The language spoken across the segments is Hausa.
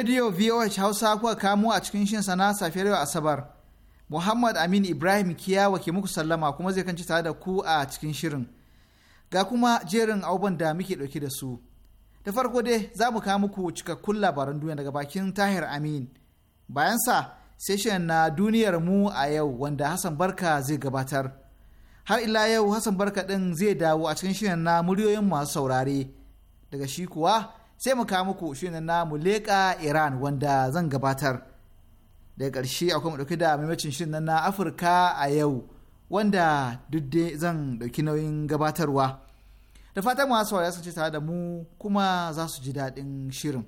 radio voh hausa kuwa kamo a cikin shin sana safiyar yau asabar muhammad amin ibrahim kiyawa ke muku sallama kuma zai kanci tare da ku a cikin shirin ga kuma jerin abubuwan da muke ɗauke da su da farko dai za mu kawo muku cikakkun labaran duniya daga bakin tahir amin bayan sa session na duniyar mu a yau wanda hassan barka zai gabatar har ila yau hassan barka ɗin zai dawo a cikin shirin na muryoyin masu saurare daga shi kuwa sai mu kawo muku shi na mu leƙa iran wanda zan gabatar daga ƙarshe akwai mu ɗauki da maimacin shirin na afirka a yau wanda duk zan ɗauki nauyin gabatarwa da fatan masu saurari sun ce tare da mu kuma za su ji daɗin shirin.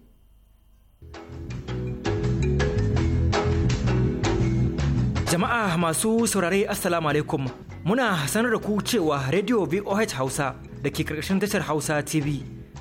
Jama'a masu saurare Assalamu alaikum muna sanar da ku cewa Radio VOH Hausa da ke karkashin tashar Hausa TV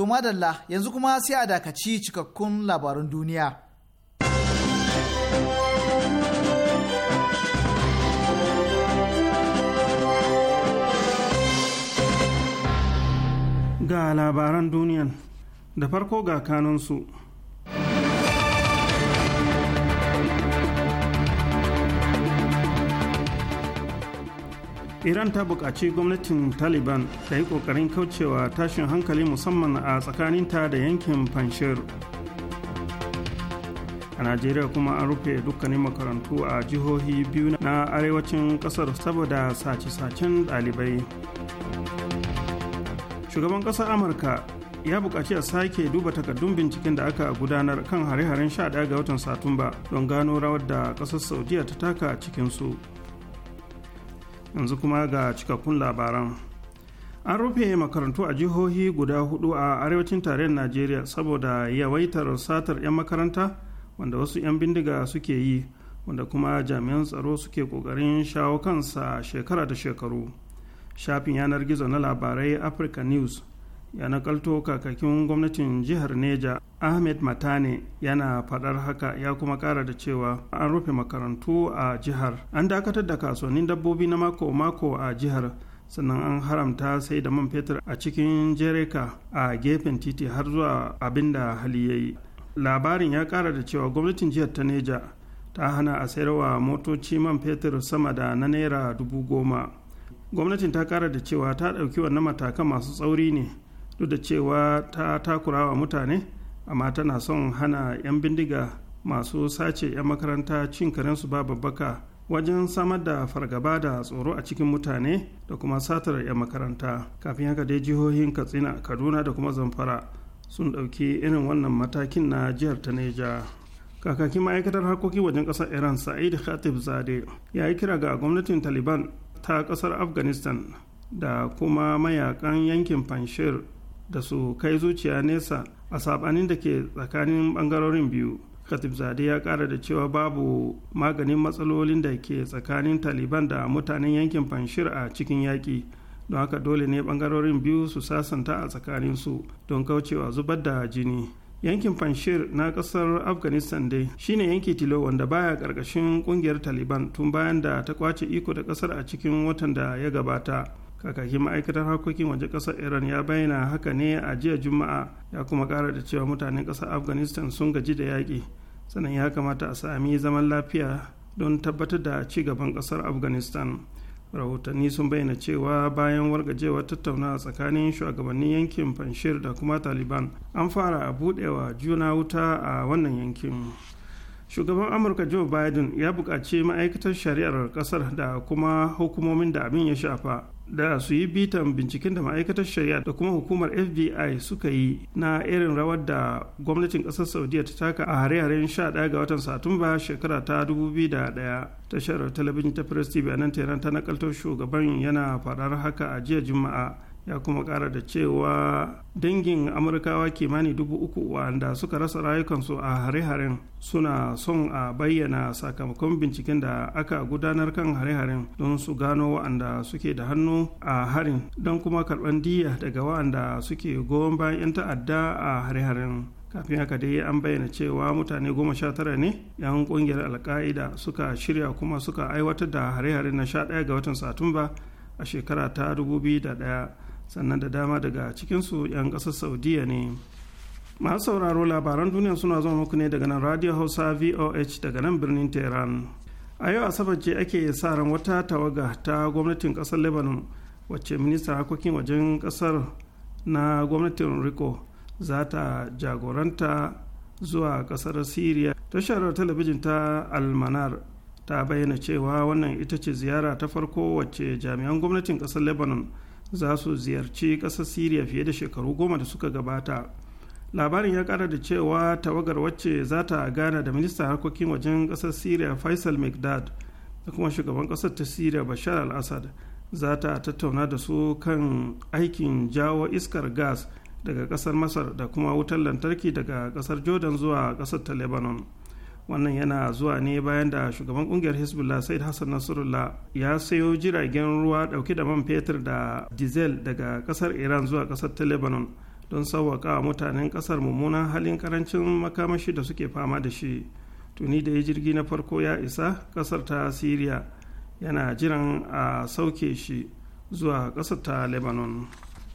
To madalla yanzu kuma sai a dakaci cikakkun labarun duniya. Ga labaran duniyan da farko ga kanunsu. iran ta buƙaci gwamnatin taliban ta yi ƙoƙarin kaucewa tashin hankali musamman a tsakanin ta da yankin panshir a najeriya kuma an rufe dukkanin makarantu a jihohi biyu na arewacin ƙasar saboda sace-sacen ɗalibai shugaban ƙasar amurka ya buƙaci a sake duba takardun binciken da aka gudanar kan hare-haren 11 ga watan satumba don gano rawar da ƙasar saudiya ta taka cikinsu. su yanzu kuma ga cikakkun labaran an rufe makarantu a jihohi guda hudu a arewacin tarayyar najeriya saboda yawaitar satar 'yan makaranta wanda wasu 'yan bindiga suke yi wanda kuma jami'an tsaro suke kokarin shawo kansa shekara da shekaru shafin yanar gizo na labarai africa news ya nakalto kakakin gwamnatin jihar neja ahmed matane yana fadar haka ya kuma kara da cewa an rufe makarantu a jihar an dakatar da kasuwannin dabbobi na mako-mako a jihar sannan an haramta sai da man fetur a cikin jereka a gefen titi har zuwa abin da hali ya yi labarin ya kara da cewa gwamnatin jihar ta neja ta hana a sayarwa motoci man fetur sama da na naira dubu goma gwamnatin ta kara da cewa ta ɗauki wannan matakan masu tsauri ne duk da cewa ta takura wa mutane amma tana son hana 'yan bindiga masu sace 'yan makaranta cin karensu ba babbaka wajen samar da fargaba da tsoro a cikin mutane da kuma satar 'yan makaranta kafin haka dai jihohin katsina kaduna da kuma zamfara sun ɗauki irin wannan matakin na jihar ta kakakin ma'aikatar harkokin wajen ƙasar iran sa'id khatib zade ya yi kira ga gwamnatin taliban ta ƙasar afghanistan da kuma mayakan yankin panshir da su kai zuciya nesa a sabanin da ke tsakanin bangarorin biyu khatib zade ya kara da cewa babu maganin matsalolin da ke tsakanin taliban da mutanen yankin panshir a cikin yaƙi don haka dole ne bangarorin biyu su sasanta a tsakanin su don kaucewa zubar da jini yankin panshir na kasar afghanistan dai shine yanki tilo wanda baya karkashin kungiyar taliban tun bayan da ta kwace iko da kasar a cikin watan da ya gabata kakakin ma'aikatar harkokin waje ƙasar iran ya bayyana haka ne a jiya juma'a ya kuma kara da cewa mutanen ƙasar afghanistan sun gaji da yaƙi sannan ya kamata a sami zaman lafiya don tabbatar da ci gaban ƙasar afghanistan rahotanni sun bayyana cewa bayan wargajewar tattaunawa tsakanin shugabannin yankin panshir da kuma taliban an fara a budewa juna wuta a wannan yankin shugaban amurka joe biden ya buƙaci ma'aikatar shari'ar ƙasar da kuma hukumomin da abin ya shafa da su yi bitan binciken da ma'aikatar shari'a da kuma hukumar fbi suka yi na irin rawar da gwamnatin ƙasar saudiya ta taka a hare-haren 11 ga watan satumba shekara ta 2001 tashar talabijin ta press tv a nan tehran ta nakaltar shugaban yana farar haka a jiya juma'a ya kuma kara da cewa dangin amurkawa kimanin dubu uku wanda suka rasa rayukansu a hare-haren suna son a bayyana sakamakon binciken da aka gudanar kan hare-haren don su gano wa'anda suke da hannu a harin don kuma karban diya daga wa'anda suke goyon bayan 'yan ta'adda a hare-haren kafin haka dai an bayyana cewa mutane goma sha tara ne yan kungiyar alka'ida suka shirya kuma suka aiwatar da hare-hare na sha ɗaya ga watan satumba a shekara ta 2001 sannan da dama daga cikinsu 'yan ƙasar saudiya ne masu sauraro labaran duniya suna zuwa muku ne daga nan radio hausa voh daga nan birnin tehran a yau asabar ce ake sa ran wata tawaga ta gwamnatin ƙasar lebanon wacce minista harkokin wajen ƙasar na gwamnatin riko za ta jagoranta zuwa ƙasar Siriya. tashar talabijin ta almanar ta bayyana cewa wannan ita ce ziyara ta farko wacce jami'an gwamnatin ƙasar lebanon za su ziyarci ƙasar siriya fiye da shekaru goma da suka gabata labarin ya kara da cewa tawagar wacce za ta gana da ministan harkokin wajen ƙasar siriya faisal mcdad da kuma shugaban ƙasar ta syria bashar al-assad za ta tattauna da su kan aikin jawo iskar gas daga ƙasar masar da kuma wutar lantarki daga ƙasar jordan zuwa ƙasar ta lebanon wannan yana zuwa ne bayan da shugaban kungiyar hezbollah said hassan nasrullah ya sayo jiragen ruwa dauke da man fetur da diesel daga kasar iran zuwa kasar ta lebanon don wa mutanen kasar mummunan halin karancin makamashi da suke fama da shi tuni da ya jirgi na farko ya isa kasar ta syria yana jiran a sauke shi zuwa kasar ta lebanon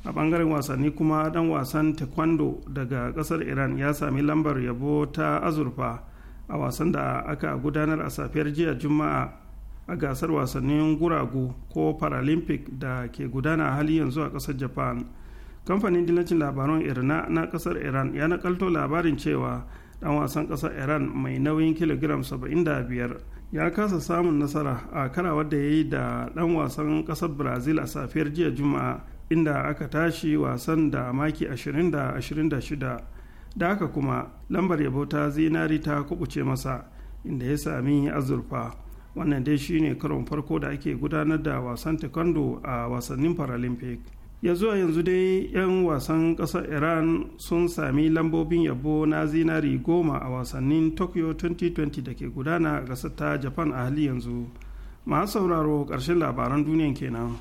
a bangaren wasanni kuma dan wasan taekwondo daga kasar iran ya sami lambar yabo ta azurfa a wasan da aka gudanar a safiyar jiya juma'a a gasar wasannin guragu ko paralympic da ke gudana a hali yanzu a kasar japan kamfanin dillacin labaran irna na kasar iran ya nakalto labarin cewa dan wasan kasar iran mai nauyin kilogiram 75 ya kasa samun nasara a karawar da ya yi da dan wasan kasar brazil a safiyar jiya juma'a inda aka tashi wasan da maki 20 da 26 da haka kuma lambar yabo ta zinari ta kubuce masa inda ya sami azurfa wannan dai shine karon farko da ake gudanar da wasan taekwondo a wasannin paralympic ya zuwa yanzu dai 'yan wasan ƙasar iran sun sami lambobin yabo na zinari goma a wasannin tokyo 2020 da ke gudana a ƙasar ta japan a hali yanzu masu sauraro ƙarshen labaran duniyan kenan.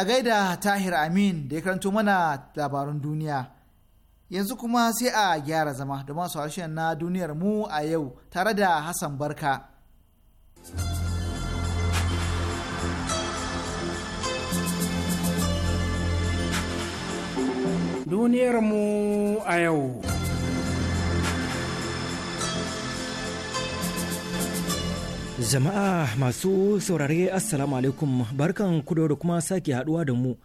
a gaida tahir amin da ya karanto mana labarun duniya yanzu kuma sai a gyara zama da masu harshen na duniyar mu a yau tare da hassan barka duniyar mu a yau Jama'a masu saurare Assalamu alaikum barkan kudo da kuma sake haduwa da mu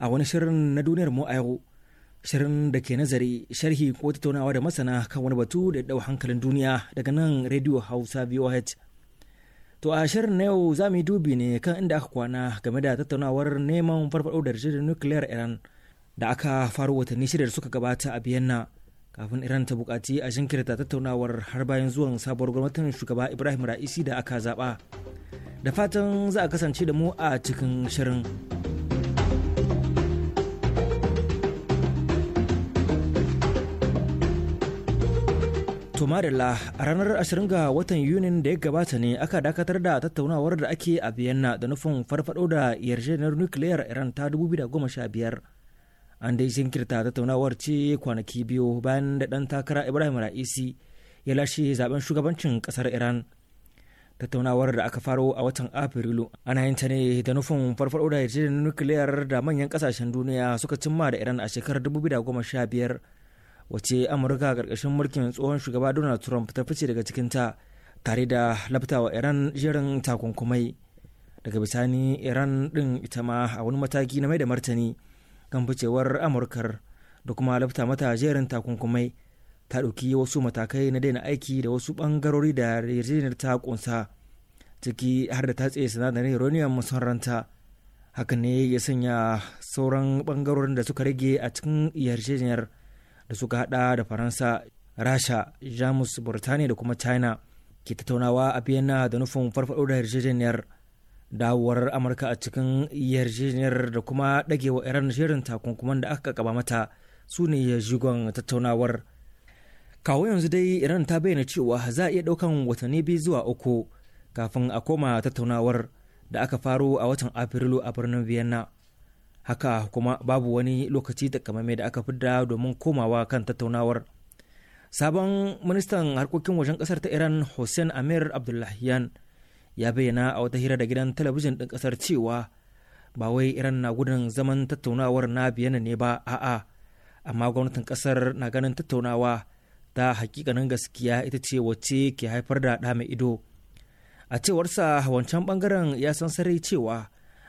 a wani shirin na duniyar mu a yau. Shirin da ke nazari sharhi ko tattaunawa da masana kan wani batu da dau hankalin duniya daga nan Radio Hausa VOH. To a shirin na yau za mu dubi ne kan inda aka kwana game da tattaunawar neman farfaɗo da rijiyar nukiliyar Iran da aka faro watanni shida da suka gabata a Vienna. kafin iran ta bukaci a jinkirta tattaunawar har bayan zuwan sabuwar gwamnatin shugaba ibrahim ra'isi da aka zaba da fatan za a kasance da mu a cikin shirin tomarilla a ranar 20 ga watan yunin da ya gabata ne aka dakatar da tattaunawar da ake a vienna da nufin farfado da yarjejeniyar nukiliyar iran ta 2015 an dai jinkirta tattaunawar ce kwanaki biyu bayan da ɗan takara ibrahim ra'isi ya lashe zaben shugabancin ƙasar iran tattaunawar da aka faro a watan afrilu ana yin ta ne da nufin farfaɗo da nukiliyar da manyan ƙasashen duniya suka cimma da iran a shekarar 2015 wace amurka ƙarƙashin mulkin tsohon shugaba donald trump ta fice daga cikinta tare da labtawa iran jerin takunkumai daga bisani iran ɗin ita ma a wani mataki na mai da martani kan ficewar amurkar da kuma lafta mata jerin takunkumai ta ɗauki wasu matakai na daina aiki da wasu bangarori da yarjejeniyar ta ƙunsa ciki har da ta tatse sinadarin uranium ranta hakan ne ya sanya sauran bangarorin da suka rage a cikin yarjejeniyar da suka hada da faransa rasha jamus burtaniya da kuma china ke tattaunawa a vienna da nufin farfaɗo da yarjejeniyar dawowar amurka a cikin yarjejeniyar da kuma dagewa iran shirin takunkuman da aka kaba mata su ne jigon tattaunawar kawo yanzu dai iran ta bayyana cewa za a iya ɗaukan watanni biyu zuwa uku kafin a koma tattaunawar da aka faro a watan afrilu a birnin vienna haka kuma babu wani lokaci takamaimai da aka fidda domin komawa kan tattaunawar sabon ministan harkokin wajen kasar ta iran hussein amir abdullahiyan ya bayyana a wata hira da gidan talabijin ɗin ƙasar cewa ba wai iran na gudun zaman tattaunawar na biyana ne ba a'a amma gwamnatin ƙasar na ganin tattaunawa ta hakikanin gaskiya ita ce wacce ke haifar da ɗa ido a cewarsa wancan bangaren ya san sarai cewa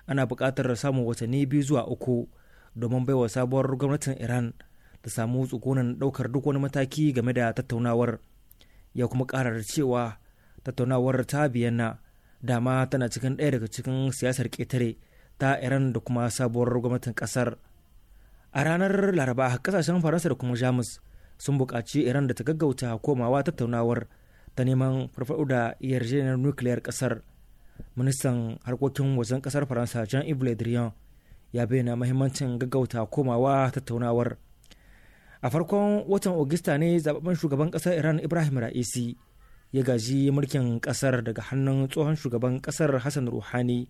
ana buƙatar samun watanni biyu zuwa uku domin baiwa sabuwar gwamnatin iran ta samu tsugunan ɗaukar duk wani mataki game da tattaunawar ya kuma ƙarar cewa tattaunawar ta biyanna dama tana cikin ɗaya daga cikin siyasar ƙetare ta iran da kuma sabuwar gwamnatin ƙasar a ranar laraba kasashen faransa da kuma jamus sun buƙaci iran da ta gaggauta komawa tattaunawar ta neman farfaɗo da yarjejeniyar nukiliyar ƙasar ministan harkokin wajen ƙasar faransa jean yves le drian ya bayyana mahimmancin gaggauta komawa tattaunawar a farkon watan ogista ne zababben shugaban ƙasar iran ibrahim ra'isi ya gaji mulkin kasar daga hannun tsohon shugaban kasar hassan ruhani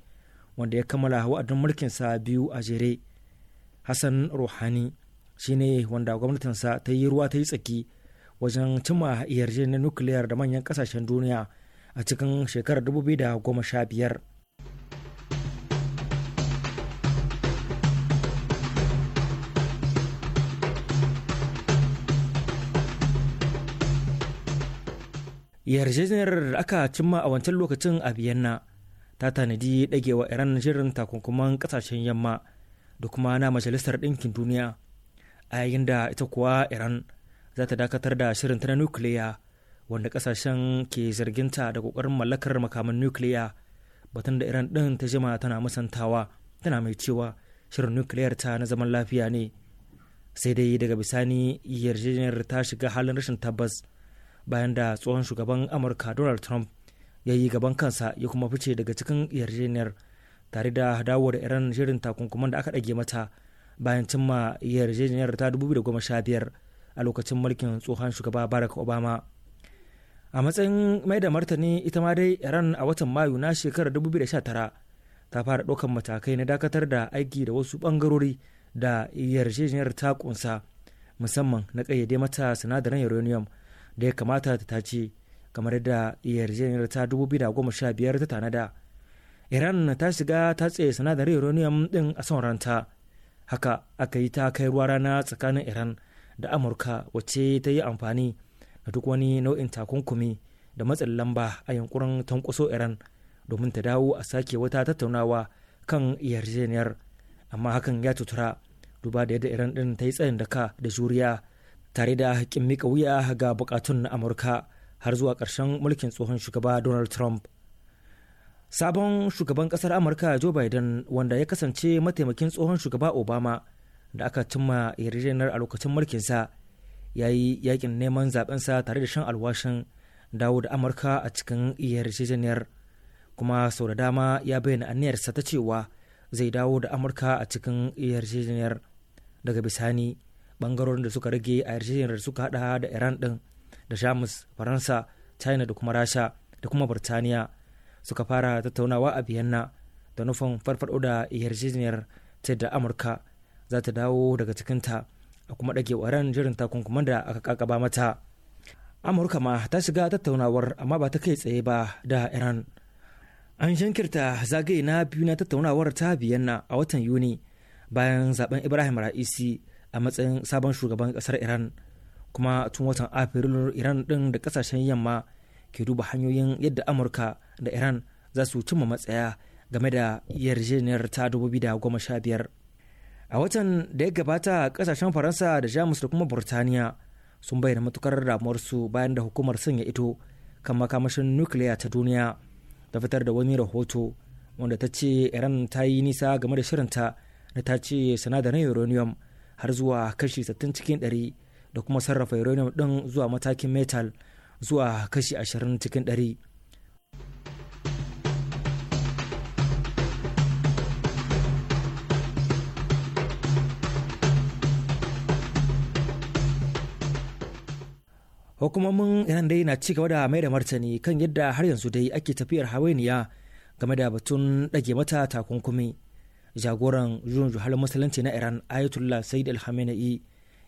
wanda ya kammala wa'adin sa biyu a jere hassan ruhani shine wanda gwamnatin sa ta yi ruwa ta yi tsaki wajen cimma yarjejeniyar nukiliyar da manyan kasashen duniya a cikin shekarar 2015 yarjejeniyar da aka cimma a wancan lokacin a vienna ta tanadi dagewa iran shirin takunkuman kasashen yamma da kuma na majalisar ɗinkin duniya a yayin da ita kuwa iran za ta dakatar da shirin ta na nukiliya wanda kasashen ke zarginta da kokarin mallakar makaman nukiliya batun da iran ɗin ta jima tana musantawa tana mai cewa shirin nukiliyar ta na zaman lafiya ne sai dai daga bisani yarjejeniyar ta shiga halin rashin tabbas bayan da tsohon shugaban amurka donald trump ya yi gaban kansa ya kuma fice daga cikin yarjejeniyar tare da dawowar iran shirin takunkuman da aka ɗage mata bayan cimma yarjejeniyar ta 2015 a lokacin mulkin tsohon shugaba barack obama a matsayin mai da martani ita ma dai iran a watan mayu na shekarar 2019 ta fara ɗaukar matakai na dakatar da aiki da wasu ɓangarori da yarjejeniyar ta kunsa musamman na ƙayyade mata sinadaran uranium da ya kamata ta tace kamar yadda yarjejeniyar ta biyar ta tanada iran ta shiga ta tsaye sinadarin uranium din a son ranta haka aka yi ta kai ruwa rana tsakanin iran da amurka wacce ta yi amfani da duk wani nau'in takunkumi da matsin lamba a yankunan tankwaso iran domin ta dawo a sake wata tattaunawa kan yarjejeniyar amma hakan ya tutura duba da yadda iran din ta yi tsayin daka da juriya tare da haƙƙin mika wuya ga bukatun na amurka har zuwa ƙarshen mulkin tsohon shugaba donald trump sabon shugaban ƙasar amurka joe biden wanda ya kasance mataimakin tsohon shugaba obama da aka cimma yarjejeniyar a lokacin mulkinsa ya yi yakin neman zaɓensa tare da shan alwashin dawo da amurka a cikin yarjejeniyar kuma sau da dama ya bayyana aniyarsa ta cewa zai dawo da amurka a cikin yarjejeniyar daga bisani bangarorin da suka rage a yarjejeniyar da suka hada da iran din da jamus faransa china da kuma rasha da kuma birtaniya suka fara tattaunawa a biyanna da nufin farfado da yarjejeniyar ta da amurka za ta dawo daga cikinta a kuma dage waran jirin takunkuman da aka kakaba mata amurka ma ta shiga tattaunawar amma ba ta kai tsaye ba da iran an shankirta zagaye na biyu na tattaunawar ta biyanna a watan yuni bayan zaben ibrahim ra'isi a matsayin sabon shugaban kasar iran kuma tun watan afirilu iran din da kasashen yamma ke duba hanyoyin yadda amurka da iran za su cimma matsaya game da yarjejeniyar ta da goma sha biyar. a watan da ya gabata kasashen faransa da jamus da kuma burtaniya sun bayyana matukar damuwarsu bayan da hukumar sanya ito kan makamashin nukiliya ta duniya da fitar da wani rahoto wanda ta ce iran ta yi nisa game da shirinta da ta ce sinadarin uranium har zuwa kashi 60 cikin 100 da kuma sarrafa uranium din zuwa matakin metal zuwa kashi 20 cikin 100 hukumomin iran dai na ci gaba da mai da martani kan yadda har yanzu dai ake tafiyar hawainiya game da batun dage mata takunkumi jagoran juyin juhal musulunci na iran ayatollah said al khamenei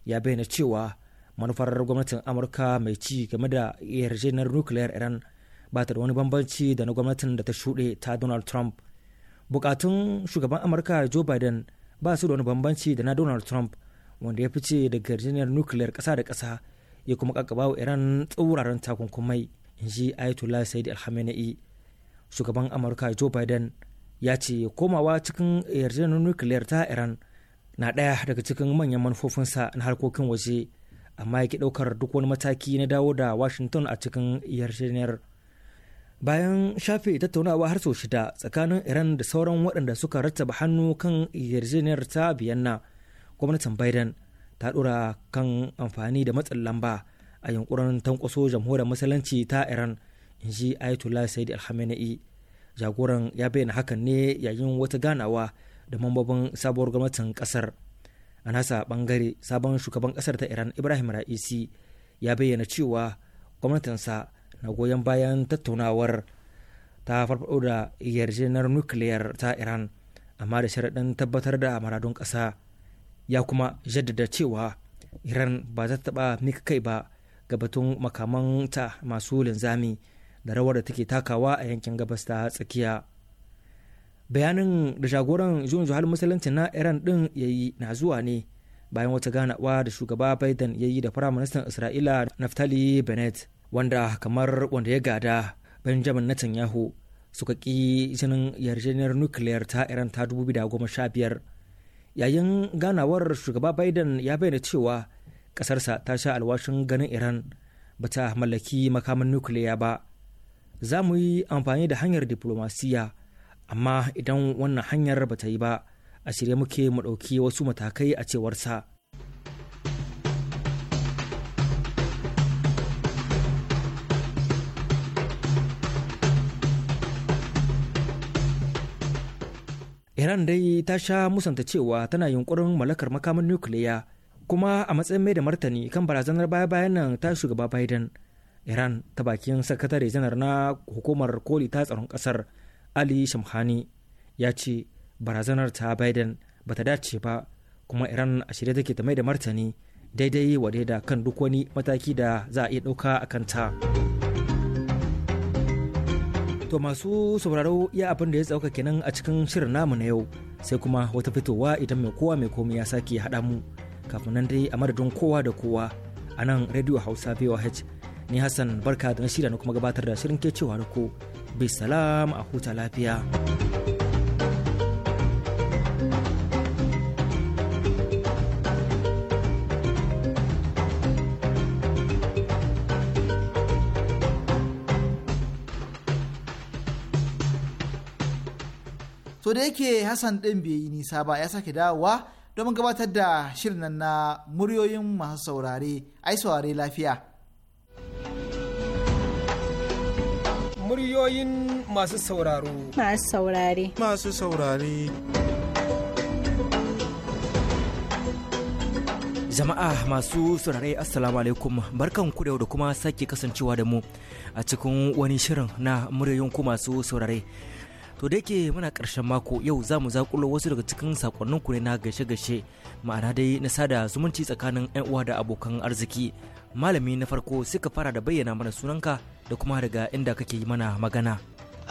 ya bayyana cewa manufar gwamnatin amurka mai ci game da yarjejeniyar nukiliyar iran ba ta da wani bambanci da na gwamnatin da ta shuɗe ta donald trump bukatun shugaban amurka joe biden ba su da wani bambanci da na donald trump wanda ya fice da yarjejeniyar nukiliyar ƙasa da ƙasa ya kuma kakaba wa iran tsauraran takunkumai in ji ayatollah said al khamenei shugaban amurka joe biden ya ce komawa cikin yarjejeniyar nukiliyar ta iran na ɗaya daga cikin manyan manufofinsa na harkokin waje amma ya yake ɗaukar duk wani mataki na dawo da washington a cikin yarjejeniyar bayan shafe tattaunawa har sau shida tsakanin iran da sauran waɗanda suka rattaba hannu kan yarjejeniyar ta biyanna gwamnatin biden ta ɗora kan amfani da matsin lamba a yunkurin tankwaso jamhuriyar musulunci ta iran in ji ayatollah said al jagoran ya bayyana hakan ne yayin wata ganawa da mambobin sabuwar gwamnatin kasar a nasa bangare sabon shugaban kasar ta iran ibrahim ra'isi ya bayyana cewa gwamnatinsa na goyon bayan tattaunawar ta farfado da yarjejeniyar nukiliyar ta iran amma da sharaɗin tabbatar da maradun ƙasa ya kuma jaddada cewa iran ba za ta taɓa mika kai ba ga batun makamanta masu linzami da rawar da take takawa a yankin gabas ta tsakiya bayanin da jagoran juyin juhal musulunci na iran din ya yi na zuwa ne bayan wata ganawa da shugaba biden ya yi da firaministan isra'ila naftali bennett wanda kamar wanda ya gada benjamin netanyahu suka ki jinin yarjejeniyar nukiliyar ta iran ta 2015 yayin ganawar shugaba biden ya bayyana cewa kasarsa ta sha alwashin ganin iran ba ta mallaki makaman nukiliya ba za mu yi amfani da hanyar diplomasiya amma idan wannan hanyar ba ta yi ba a shirye muke mu ɗauki wasu matakai a cewar sa. Iran dai ta sha musanta cewa tana yunkurin mallakar makamin nukiliya kuma a matsayin mai da martani kan barazanar baya-bayan nan ta shugaba Biden. iran ta bakin sakatare janar na hukumar koli ta tsaron kasar ali shamhani ya ce barazanar ta biden ba ta dace ba kuma iran a shirye take ta mai da martani daidai wa da kan duk wani mataki da za a iya ɗauka a kanta to masu sauraro ya abin da ya tsauka kenan a cikin shirin namu na yau sai kuma wata fitowa idan mai kowa mai komai ya sake haɗa mu kafin nan dai a madadin kowa da kowa a nan radio hausa voh ni hassan barka da na shirya na kuma gabatar da shirin ke cewa da ku bai salam a huta lafiya to da yake hassan ɗin bai yi nisa ba ya sake dawowa domin gabatar da shirin na muryoyin masu saurare ai saurare lafiya muryoyin masu sauraro. Masu saurare. Masu saurare. Jama'a masu saurare Assalamu alaikum barkan ku da kuma sake kasancewa da mu a cikin wani shirin na muryoyin ku masu saurare. to da yake muna ƙarshen mako yau za mu zakulo wasu daga cikin sakonnin ku na gashe-gashe ma'ana dai na sada zumunci tsakanin 'yan uwa da abokan arziki malami na farko suka fara da bayyana mana sunanka da kuma daga inda kake yi mana magana.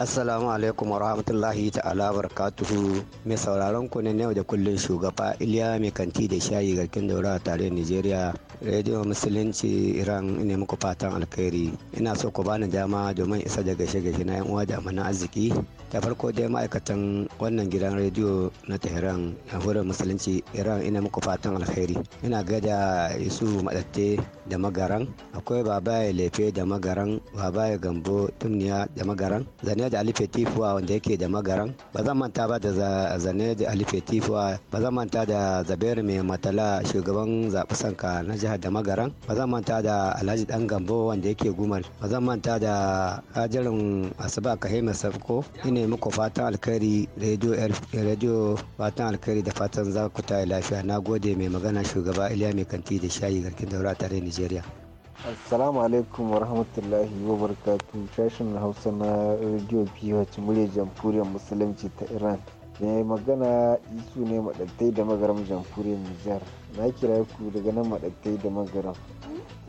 Assalamu alaikum wa rahmatullahi ta'ala barakatuhu mai sauraron ku ne yau da kullun shugaba Iliya mai kanti da shayi garkin daura tare Nigeria Radio Musulunci Iran ina muku fatan alkhairi ina so ku bani dama domin isa da gashe gashe na yan uwa da amana arziki Ta farko dai ma'aikatan wannan gidan rediyo na Tehran Jamhuriyar Musulunci Iran ina muku fatan alkhairi ina gada Yusuf Madatte da magaran akwai babaye lefe da magaran babaye gambo tumniya da magaran zane da alife tifuwa wanda yake da magaran ba zan manta ba da zane da alife tifuwa ba zan manta da zaberi mai matala shugaban zaɓi sanka na jihar da magaran ba zan manta da alhaji dan gambo wanda yake gumar ba zan manta da ajirin asuba kahima safko ina muku fatan alkhairi radio fatan alkhairi da fatan za ku ta lafiya na gode mai magana shugaba iliya mai kanti da shayi garkin daura tare ni najeriya assalamu alaikum wa rahmatullahi wa sashen hausa na radio ph murya jamhuriyar musulunci ta iran mai magana isu ne maɗattai da magaram jamhuriyar nijar na kira ku daga nan maɗattai da magaram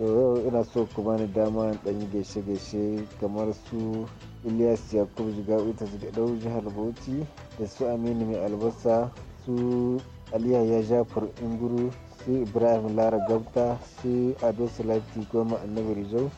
yau ina so ku bani dama ɗan gaishe-gaishe kamar su ilyas yakub jigawi ta ɗau jihar bauchi da su aminu mai albasa su aliyu ya jafar inguru sai ibrahim lara gabta sai ado salati goma annabi rizo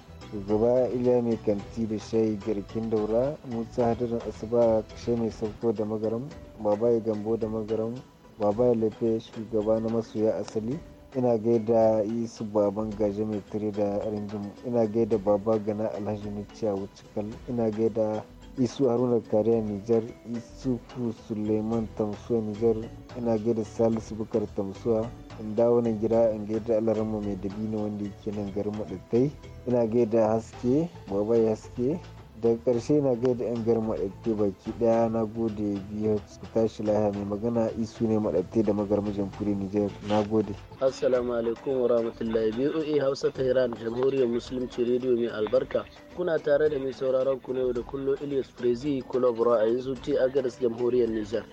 gaba iliya mai kanti da shayi garkin daura musa hadarin asuba kashe mai sauko da magaram baba ya gambo da magaram baba ya lafiya shugaba na masoya asali ina gaida su baban gaje mai tare da ringin ina gaida baba gana alhaji nuciya cikal ina gaida isu haruna kariya nijar isufu suleiman tamsuwa nijar ina gaida salisu bukar tamsuwa in dawo nan gida in gaida alarama mai dabino wanda yake nan garin madattai ina gaida haske babai haske daga karshe na gaida yan garin maɗatte baki daya na gode biyu su tashi lahiya mai magana isu ne maɗatte da magarmajin fure nijar na gode assalamu alaikum wa rahmatullahi boa hausa ta iran jamhuriyar musulunci rediyo mai albarka kuna tare da mai sauraron ku yau da kullo Ilyas Prezi kulob a yanzu ce a garis jamhuriyar Nijar.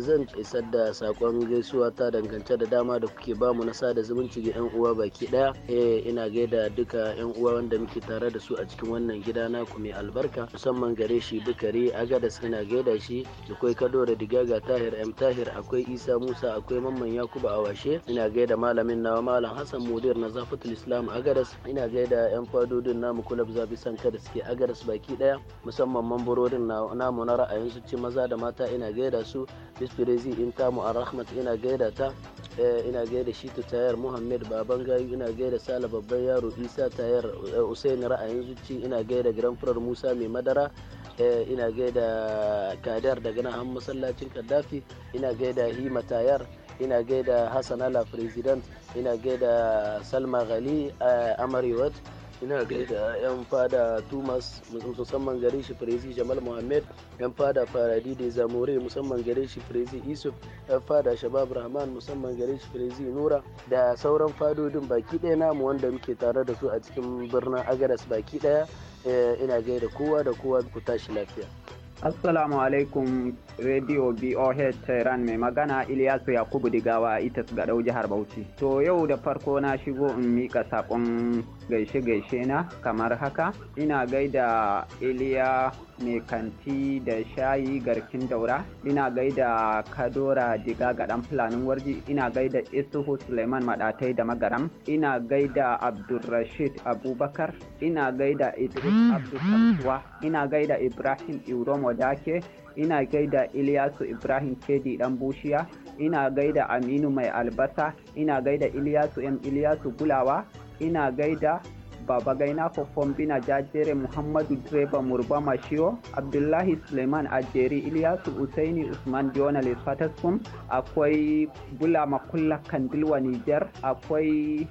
Zan isar da sakon gaisuwa ta dangance da dama da kuke ba mu na sada zumunci ga yan uwa baki daya. Eh, ina gaida duka yan uwa wanda muke tare da su a cikin wannan gida na ku mai albarka musamman gare shi Bukari a gadas ina gaida shi akwai diga Digaga Tahir M Tahir akwai Isa Musa akwai Mamman Yakubu Awashe ina gaida malamin nawa Malam Hassan Mudir na Zafatul Islam a gadas ina gaida yan fadodin namu kulab Zabi san kada suke agaras baki daya musamman mamburorin namu na ra'ayin su ce maza da mata ina gaida su bisfirezi in kamu a rahmat ina gaida ta eh, ina gaida shi ta tayar muhammed baban gayu ina gaida sala babban yaro isa tayar eh, usaini ra'ayin zuci ina gaida giran furar musa mai madara eh, ina gaida kadar daga nan masallacin kaddafi ina gaida hima tayar ina gaida hassan ala president ina gaida salma ghali amaryewat ina gaida yan fada tumas musamman gare shi firizi jamal muhammed yan fada faradi da zamore musamman gare shi firizi isuf yan fada shabab rahman musamman gare shi firizi nura da sauran fadodin baki ɗaya namu wanda muke tare da su a cikin birnin agras baki ɗaya eh, ina gaida kowa da kowa ku tashi lafiya Assalamu alaikum Radio BOH Tehran mai magana iliyasu Yakubu Digawa Itas Gadau jihar Bauchi. To yau da farko na shigo in mika sakon. gaishe-gaishe na kamar haka ina gaida iliya mai kanti da shayi garkin daura ina gaida kadora diga gadan fulanin warji ina gaida isuhu suleiman maɗatai da magaram ina gaida abdulrashid abubakar ina gaida idris mm. abdulkamsuwa ina gaida ibrahim iromo dake ina gaida Iliyasu Ibrahim Kedi dan Bushiya, ina gaida Aminu Mai Albasa, ina gaida Iliyasu M Iliyasu Gulawa, ina gaida babagaina fofombina jajere muhammadu direba murba mashiyo abdullahi suleiman ajeri iliyasu usaini usman jonal fataskum akwai bula makulla kandilwa nijar akwai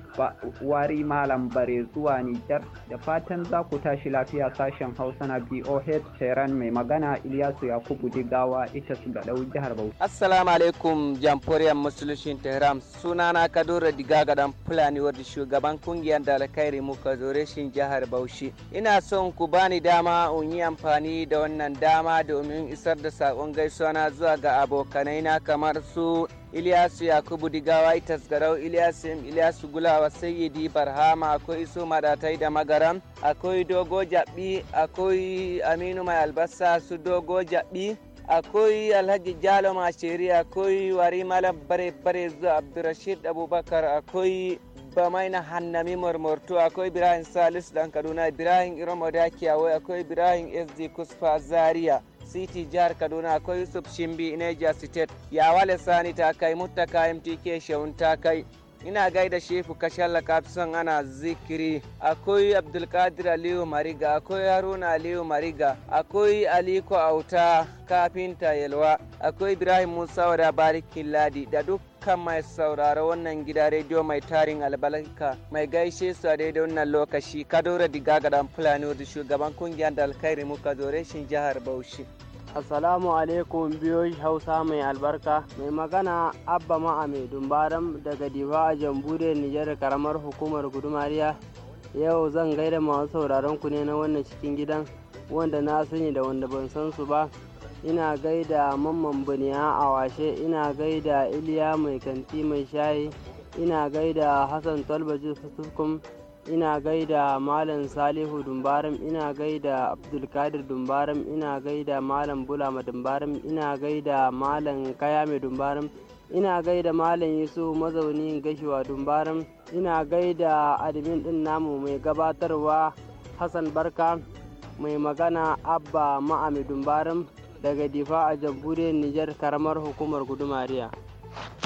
wari malam bare zuwa nijar da fatan za ku tashi lafiya sashen hausa na boh tehran mai magana iliyasu yakubu digawa ita su ga jihar bauchi assalamu alaikum jamhuriyar musulushin tehran sunana kadura diga gadan fulani wadda shugaban kungiyar dalakai remote rashin jihar Bauchi. Ina son ku bani dama in yi amfani da wannan dama domin isar da saƙon gaisuwa zuwa ga abokanai na kamar su Ilyasu Yakubu Digawa Itas Garau Ilyasu Gulawa Sayyidi Barhama akwai isu Madatai da Magaram akwai Dogo Jabi akwai Aminu Mai Albasa su Dogo Jabi akwai alhaji jalo mashiri akwai wari malam bare bare zuwa abdurrashid abubakar akwai mai na hannami marmarto akwai ibrahim salisu dan kaduna ibrahim iromo kiyawai akwai ibrahim sd kusfa zaria city jihar kaduna akwai yusuf shimbi niger state yawale sani ta kai mutta mtk shaun ta kai ina gaida shefu kashalla son ana zikiri akwai abdulkadir aliyu mariga akwai haruna aliyu mariga akwai aliko auta kafinta yalwa akwai ibrahim musa wada barikin ladi da dukkan mai sauraro wannan gida rediyo mai tarin albarka mai gaishe su a daidai wannan lokaci kadora diga gadan fulani shugaban kungiyar da alkhairi muka zore shin jihar bauchi asalamu alaikum biyoyi Hausa mai albarka mai magana Abba Ma'a mai dumbaram daga Diba a Jambude Nijar karamar hukumar Gudumariya. Yau zan gaida masu sauraron ku ne na wannan cikin gidan wanda na sani da wanda ban san su ba. Ina gaida mamman baniya a washe, ina gaida Iliya mai kanti mai shayi, ina gaida Hassan Talbaji su ina gaida malam salihu dumbaram ina gaida abdulkadir dumbaram ina gaida malam bulama dumbaram ina gaida malam kayame dumbaram ina gaida malam yusuf mazaunin gashiwa dumbaram ina gaida admin din namu mai gabatarwa hassan barka mai magana abba ma'ami dumbaram daga difa a jamhuriyar nijar karamar hukumar gudumariya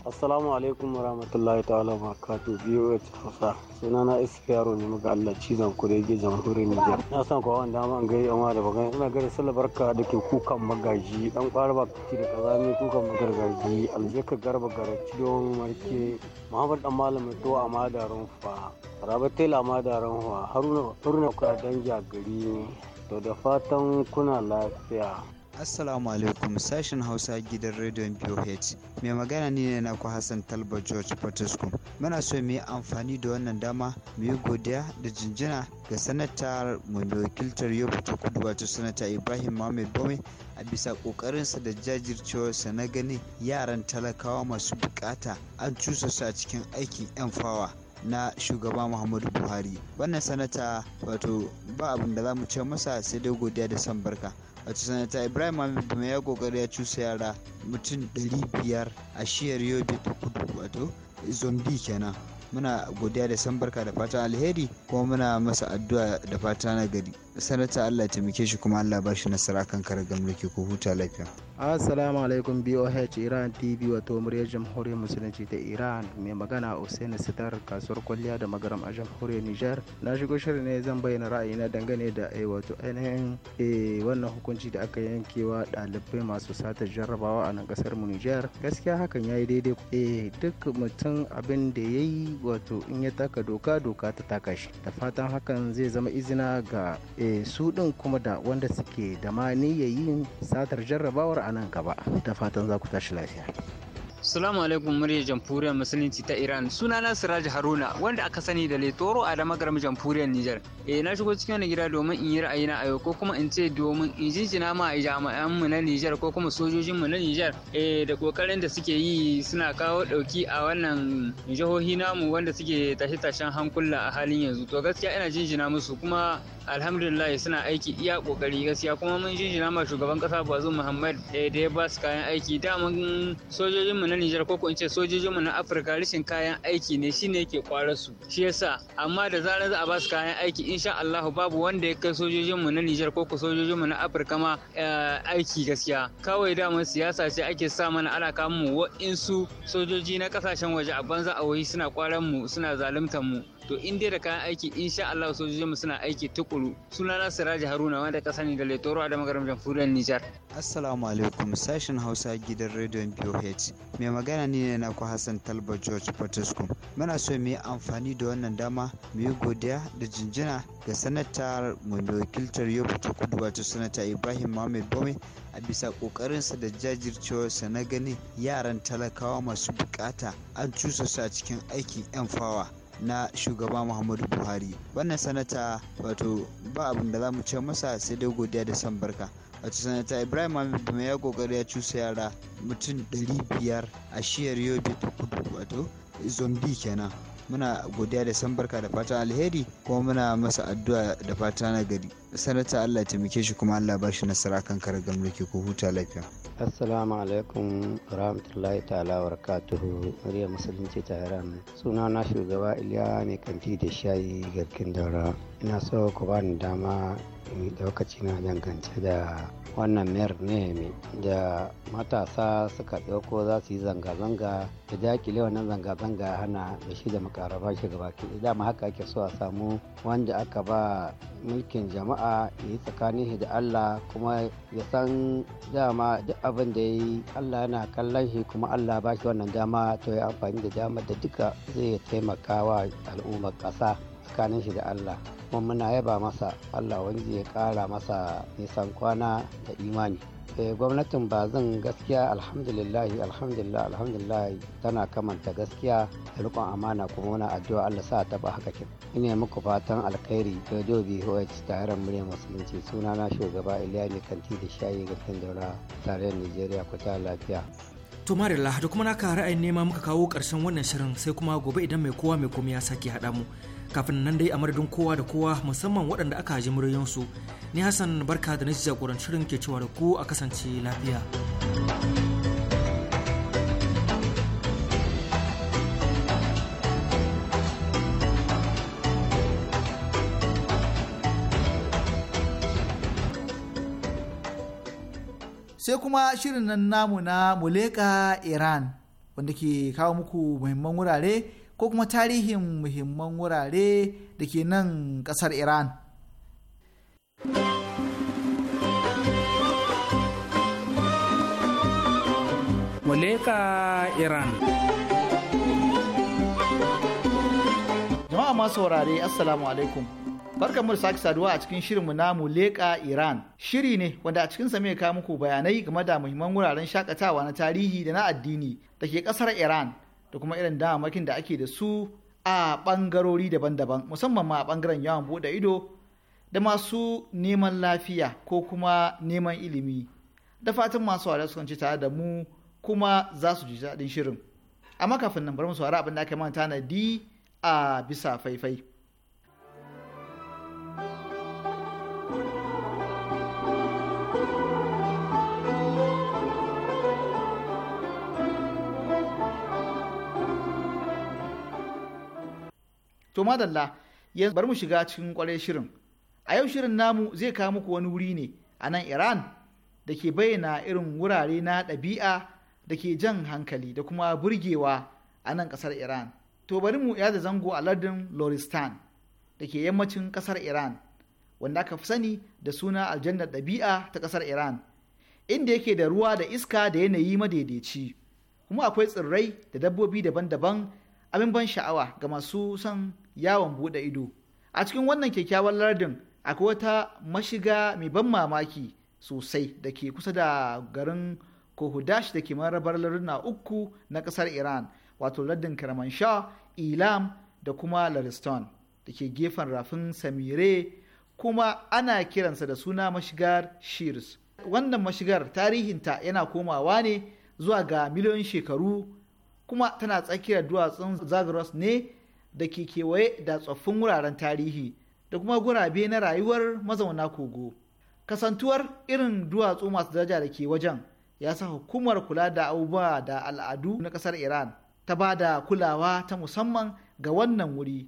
assalamu alaikum warahmatullahi ta'ala barakatu biyu hausa suna na iska yaro ne maga allah cizon kurege jamhuriyar nijar na san kowa wanda ma an gari yanwa da yi ina gari salabarka da ke kukan magaji dan kwarba kake da kaza ne kukan magargaji aljeka garba garaci don marke muhammad dan malam to a madarin fa rabat tela madarin fa haruna haruna ka danja gari ne to da fatan kuna lafiya Assalamu alaikum sashen Hausa gidan rediyon POH. Mai magana ni ne naku Hassan Talba George Fortescue. Muna so mu yi amfani da wannan dama mu yi godiya da jinjina ga sanatar mai wakiltar Yobe ta Kudu wato sanata Ibrahim Mohammed Bome a bisa kokarinsa da jajircewarsa na ganin yaran talakawa masu bukata an cusa su a cikin aikin 'yan fawa. na shugaba muhammadu buhari wannan sanata wato ba abin da za mu ce masa sai dai godiya da san barka wato sanata ibrahim da mai ya kokari ya cusa yara mutum biyar a shiyar yobe ta kudu wato zombi kenan muna godiya da san barka da fatan alheri kuma muna masa addu'a da fata na gari sanata Allah taimake shi kuma Allah ba shi nasara kan karagar mulki ko huta lafiya. Assalamu alaikum BOH Iran TV wato muryar jamhuriyar musulunci ta Iran mai magana Hussein Sitar kasuwar kwalliya da magaram a jamhuriyar Nijar. Na shigo shirin ne zan bayyana na dangane da A eh, wato ainihin A eh, wannan hukunci da aka yankewa dalibai masu satar jarrabawa a nan kasar mu Nijar. Gaskiya hakan ya yi daidai eh, duk mutum abin da ya yi wato in ya taka doka doka ta taka shi. Da fatan hakan zai zama izina ga eh, Eh, su ɗin kuma da wanda suke da ma yin satar jarrabawar a nan gaba da fatan za ku tashi lafiya Assalamu alaikum muryar jamhuriyar musulunci ta Iran. Sunana Siraj Haruna wanda aka sani da Letoro a damagaram jamhuriyar Nijar. Eh na shigo cikin wani gida domin in yi ra'ayi na ayo ko kuma in ce domin in jinjina ma a jami'an mu na Nijar ko kuma sojojin mu na Nijar eh da kokarin da suke yi suna kawo dauki a wannan jihohi namu wanda suke tashe-tashen hankula a halin yanzu. To gaskiya ina jinjina musu kuma alhamdulillah suna aiki iya kokari gaskiya kuma mun jinjina ma shugaban kasa Bazoum Muhammad eh, da ya ba su kayan aiki. Da mun sojojin mu na na Nijar ko ko in ce sojojin mu na Afirka rashin kayan aiki ne shine yake kwarar su. Shi yasa amma da zarar za a ba su kayan aiki insha Allah babu wanda ya kai sojojin mu na Nijar ko ko mu na Afirka ma eh, aiki gaskiya. Kawai mun siyasa ce ake sa mana ana kamun wa'insu sojoji na kasashen waje a banza a wayi suna kwaran mu suna zaluntar mu. to in da kayan aiki insha Allah sojojin mu suna aiki tukuru suna Siraji Haruna wanda ka ne da Letoro a damagaram jamhuriyar Nijar Assalamu alaikum sashen Hausa gidan rediyon POH mai magana ne na ku Hassan Talba George Fortescue muna so mu yi amfani da wannan dama mu yi godiya da jinjina ga sanatar mu wakiltar Yobe ta Kudu wato sanata Ibrahim Mohammed Bome a bisa kokarinsa da jajircewarsa na ganin yaran talakawa masu bukata an cusa su a cikin aikin 'yan fawa na shugaba muhammadu buhari wannan sanata wato ba abin da za mu ce masa sai dai godiya da san barka wato sanata ibrahim ahmed mai ya kokari ya cusa yara mutum biyar a shiyar yobe ta kudu wato zombi kenan muna godiya da san barka da fatan alheri kuma muna masa addu'a da fata na gari sanata Allah ya taimake shi kuma Allah ba shi nasara kan kare gamlaki ko huta lafiya assalamu alaikum rahmatullahi ta'ala wa barakatuhu muryar musulunci ta haram suna na shugaba iliya mai kanti da shayi garkin daura ina so ku bani dama mai daukaci na dangance da wannan mayar ne da matasa suka ɗauko za su yi zanga-zanga da dakile wannan zanga-zanga hana da shi da makaraba shi gaba ki dama haka ake so a samu wanda aka ba mulkin jama'a ya yi tsakanin shi da Allah kuma ya san dama duk abin da ya yi Allah yana kallon shi kuma Allah ba shi wannan dama to ya amfani da dama da duka zai taimaka wa al'ummar ƙasa tsakanin shi da Allah kuma muna yaba masa Allah wanzu ya kara masa nisan kwana da imani eh, gwamnatin zan gaskiya alhamdulillah alhamdulillah alhamdulillah tana kamanta gaskiya da rikon amana kuma muna addu'a Allah sa ta ba haka kin ina muku fatan alkhairi ho ta taron murya musulunci suna na shugaba Iliya ne kanti da shayi ga daura tare Nigeria ku ta lafiya to marilla da kuma naka ra'ayin nema muka kawo karshen wannan shirin sai kuma gobe idan mai kowa mai komai ya sake haɗa mu kafin nan dai a madadin kowa da kowa musamman waɗanda aka ji muryoyinsu ni hassan barka da na jagorancin ke cewa da ku a kasance lafiya. sai kuma shirin nan namu na muleka iran wanda ke kawo muku muhimman wurare ko kuma tarihin muhimman wurare da ke nan ƙasar iran Muleka Iran. Jama'a masu saurare Assalamu alaikum. Barka mu sake saduwa a cikin shirinmu na Muleka Iran. Shiri ne wanda a cikinsa mai ka muku bayanai game da muhimman wuraren shakatawa na tarihi da na addini da ke kasar Iran da kuma irin damakin da ake da su a bangarori daban-daban musamman ma a bangaren yawon buɗe ido da masu neman lafiya ko kuma neman ilimi da fatan masu wada su ci tare da mu kuma za su ji daɗin shirin amma kafin nan bari mu saurari abin da aka manta na di a bisa faifai. to madalla yanzu bari mu shiga cikin kwarai shirin a yau shirin namu zai kawo muku wani wuri ne a nan iran da ke bayyana irin wurare na ɗabi'a da ke jan hankali da kuma burgewa a nan ƙasar iran to bari mu yada zango a lardin loristan da ke yammacin ƙasar iran wanda aka fi sani da suna aljannar ɗabi'a ta ƙasar iran inda yake da ruwa da iska da yanayi madaidaici kuma akwai tsirrai da dabbobi daban-daban abin ban sha'awa ga masu son yawon buɗe ido a cikin wannan kyakkyawan lardin akwai wata mashiga mai ban mamaki sosai da ke kusa da garin kohudash da ke marabar larduna uku na ƙasar iran wato lardin karamansha ilam da kuma lariston da ke gefen rafin samire kuma ana kiransa da suna mashigar shears wannan mashigar tarihinta yana komawa ne zuwa ga miliyoyin shekaru kuma tana tsakiyar duwatsun zagros ne da ke kewaye da tsoffin wuraren tarihi da kuma gurabe na rayuwar mazauna kogo kasantuwar irin duwatsu masu daraja da ke wajen ya sa hukumar kula da abubuwa da al'adu na ƙasar iran ta ba da kulawa ta musamman ga wannan wuri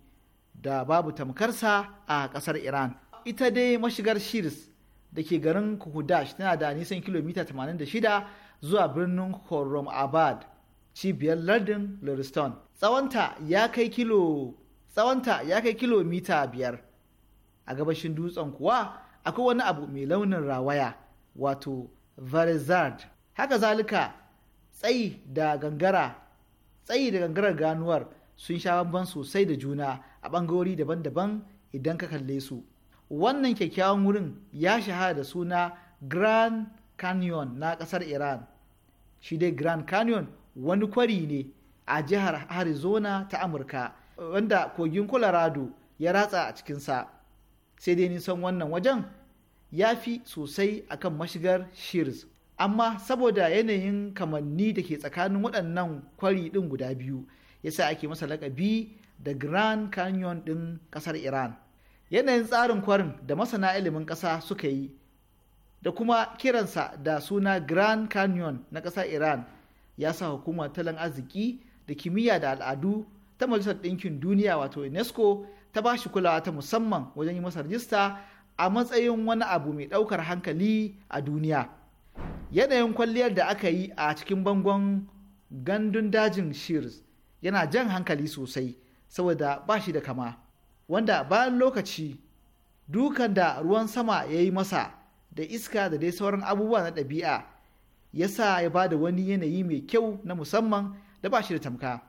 da babu tamkarsa a ƙasar iran ita dai mashigar shirs da ke garin kuhudash tana da nisan kilomita 86 zuwa birnin khorram abad cibiyar lardin Lurston. Tsawonta ya kai kilo tsawonta kilomita biyar. A gabashin dutsen kuwa akwai wani abu mai launin rawaya wato Varizard. Haka zalika tsayi da gangara tsayi da gangarar ganuwar sun sha bamban sosai da juna a ɓangarori daban-daban idan ka kalle su. Wannan kyakkyawan wurin ya shahara da suna Grand Canyon na ƙasar Iran. Shi dai Grand Canyon wani kwari ne a jihar arizona ta amurka wanda kogin colorado ya ratsa a cikinsa sai dai nisan wannan wajen ya fi sosai akan mashigar shears amma saboda yanayin kamanni da ke tsakanin waɗannan kwari ɗin guda biyu ya yasa ake masa lakabi da grand canyon ɗin ƙasar iran yanayin tsarin kwarin da masana ilimin ƙasa suka yi da kuma kiransa da suna grand canyon na ƙasar iran ya sa hukumar talan arziki da kimiyya da al'adu ta majalisar ɗinkin duniya wato unesco ta ba shi kulawa ta musamman wajen yi masa rajista a matsayin wani abu mai ɗaukar hankali a duniya yanayin kwalliyar da aka yi a cikin bangon gandun dajin shears yana jan hankali sosai saboda ba shi da kama wanda bayan lokaci dukan da ruwan sama ya yi masa da iska da dai sauran abubuwa na ɗabi'a ya sa ya ba da wani yanayi mai kyau na musamman da ba shi da tamka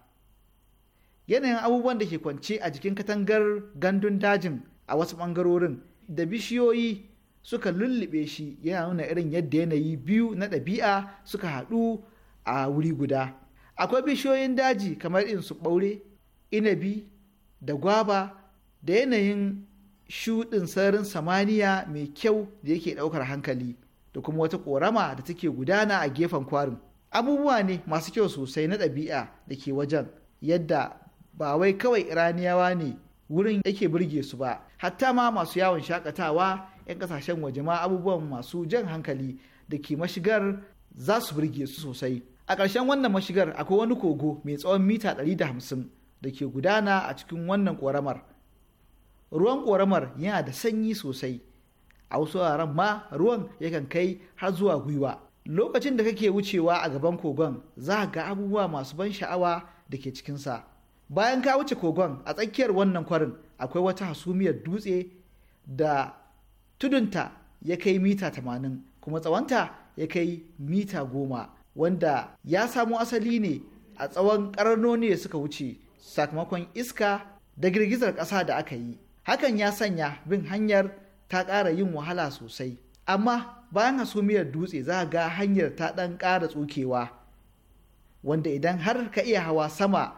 yanayin abubuwan da ke kwance a jikin katangar gandun dajin a wasu ɓangarorin da bishiyoyi suka lullube shi yana nuna irin yadda yanayi biyu na ɗabi'a suka haɗu a wuri guda akwai bishiyoyin daji kamar in su ɓaure inabi da gwaba da yanayin shuɗin sararin samaniya mai kyau da yake ɗaukar hankali da kuma wata korama da take gudana a gefen kwarin abubuwa ne masu kyau sosai na ɗabi'a da ke wajen yadda ba wai kawai iraniyawa ne wurin yake burge su ba hatta ma masu yawon shakatawa 'yan kasashen waje ma abubuwan masu jan hankali da ke mashigar za su burge su sosai a ƙarshen wannan mashigar akwai wani kogo mai tsawon mita 150 da ke gudana a cikin wannan ƙoramar ruwan ƙoramar yana da sanyi sosai a wasu wuraren ma ruwan yakan kai har zuwa gwiwa lokacin da kake wucewa a gaban kogon za ga abubuwa masu ban sha'awa da ke cikinsa bayan ka wuce kogon a tsakiyar wannan kwarin akwai wata hasumiyar dutse da tudunta ya kai mita tamanin kuma tsawonta ya kai mita goma wanda ya samo asali ne a tsawon ƙararnoni da suka wuce sakamakon iska da girgizar ƙasa da aka yi hakan ya sanya bin hanyar ta ƙara yin wahala sosai amma bayan hasumiyar dutse za ga hanyar ta ɗan ƙara tsokewa wanda idan har ka iya hawa sama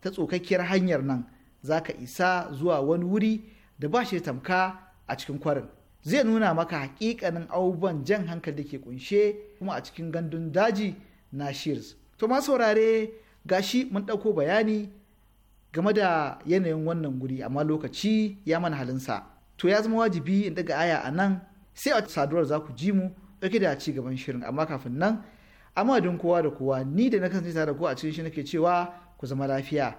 ta tsokakkiyar hanyar nan za ka isa zuwa wani wuri da ba shi tamka a cikin kwarin zai nuna maka hakikanin abubuwan jan hankali da ke kunshe kuma a cikin gandun daji na shears to ma saurare gashi mun ɗauko bayani game da yanayin wannan guri amma lokaci ya mana halinsa. to ya zama wajibi in daga aya a nan sai a saduwar za ku ji mu ɗauke da ci gaban shirin amma kafin nan a madadin kowa da kowa ni da na kan tare da ku a cikin shi nake cewa ku zama lafiya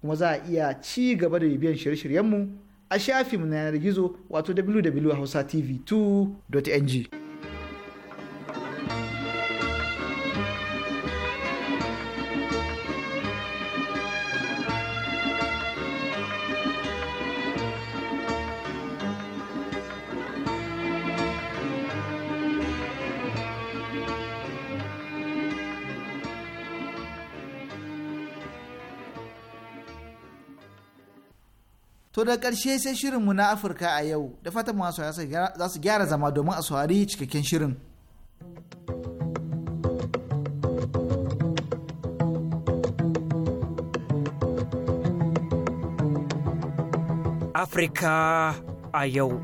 kuma za a iya ci gaba da bibiyan shirye-shiryenmu a shafinmu na yanar gizo wato www.hausatv2.ng. To da ƙarshe sai shirinmu na Afirka a yau da fatan masu za su gyara zama domin a saurari cikakken shirin. Afirka a yau.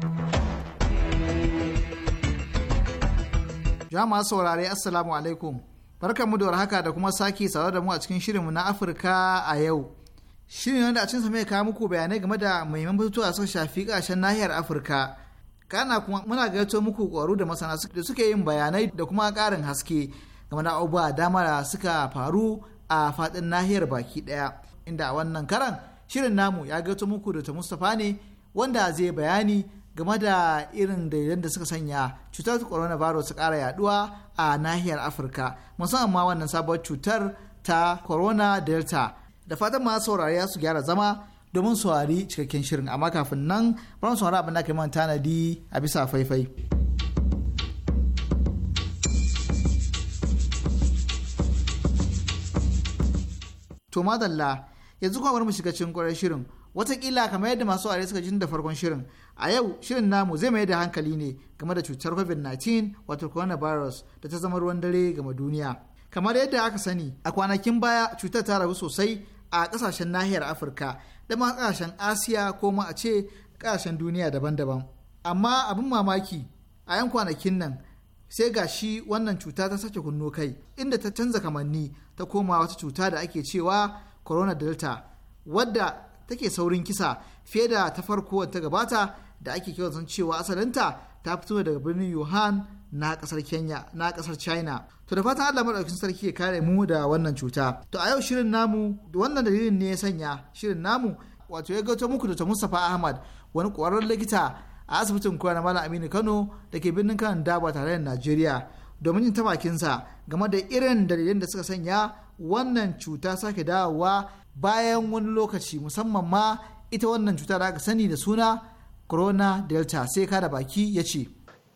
masu saurare Assalamu alaikum. Barkanmu da haka da kuma sake saurare da mu a cikin shirinmu na Afirka a yau. Shirin wanda a cinsa ya kawo muku bayanai game da muhimman batutuwa suka shafi ƙasashen nahiyar Afirka. Kana kuma muna gaito muku ƙwaru da masana da suke yin bayanai da kuma karin haske game da abubuwa dama da suka faru a faɗin nahiyar baki ɗaya. Inda a wannan karan shirin namu ya gaito muku da ta Mustapha ne wanda zai bayani game da irin dalilan da suka sanya cutar coronavirus kara yaduwa a nahiyar Afirka musamman ma wannan sabuwar cutar ta corona delta. da fatan masu ya su gyara zama domin saurari cikakken shirin amma kafin nan bari mu saurari abin da aka yi tanadi a bisa faifai. To madalla yanzu kuma mu shiga cikin ƙwarar shirin watakila kamar yadda masu aure suka jin da farkon shirin a yau shirin namu zai mai da hankali ne game da cutar covid-19 wato coronavirus da ta zama ruwan dare game duniya kamar yadda aka sani a kwanakin baya cutar ta rabu sosai a kasashen nahiyar afirka da ma kasashen asiya ko ma a ce kasashen duniya daban-daban amma abin mamaki a yan kwanakin nan sai ga shi wannan cuta ta sake kunno kai inda ta canza kamanni ta koma wata cuta da ake cewa corona delta wadda take saurin kisa fiye da ta farko ta gabata da ake kiwon cewa asalinta ta fito daga birnin yohan. na kasar Kenya na kasar China. To da fatan Allah madaukakin sarki ya kare mu da wannan cuta. To a yau shirin namu wannan dalilin ne ya sanya shirin namu wato ya gauta muku da Mustapha Ahmad wani ƙwararren likita a asibitin kowa na Malam Aminu Kano da ke birnin Kano Daba tare da Najeriya domin yin tabakinsa game da irin dalilin da suka sanya wannan cuta sake dawowa bayan wani lokaci musamman ma ita wannan cuta da aka sani da suna corona delta sai kada baki ya ce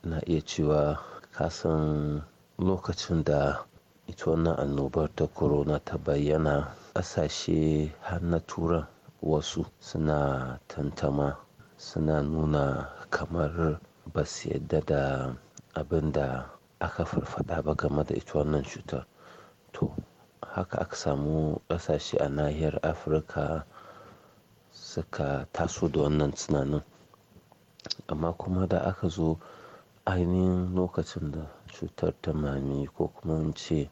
na iya cewa kasan lokacin da ita wannan annobar ta corona ta bayyana ƙasashe har na turan wasu suna tantama suna nuna kamar ba su yadda da abin da aka farfada ba game da ita wannan cutar to haka aka samu ƙasashe a nahiyar afirka suka taso da wannan tunanin amma kuma da aka zo ainihin lokacin da cutar ta mami ko kuma ce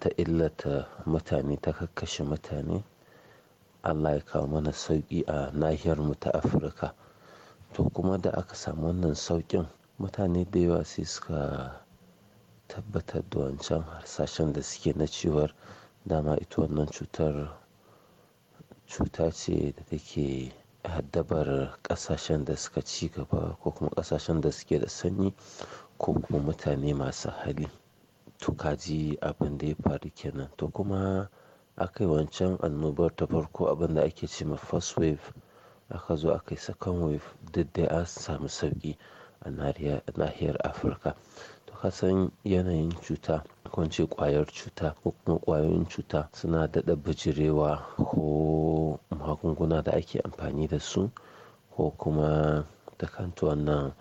ta illata mutane ta kakkashe mutane allah ya kawo mana sauki a nahiyar mu ta afirka to kuma da aka samu wannan saukin mutane da yawa sai suka tabbatar da wancan harsashen da suke na cewar dama ita wannan cutar cuta ce da take haddabar kasashen da suka ci gaba ko kuma kasashen da suke da sanyi ko kuma mutane masu hali to kaji abin da ya faru kenan to kuma aka yi wancan annobar ta farko abin da ake ce ma first wave aka zo aka yi second wave duk da an samu sauki a nahiyar afirka kasan yanayin cuta kwance kwayar cuta ko kuma kwayoyin cuta suna daɗa bijirewa ko magunguna da ake amfani da su ko kuma ta kanta wannan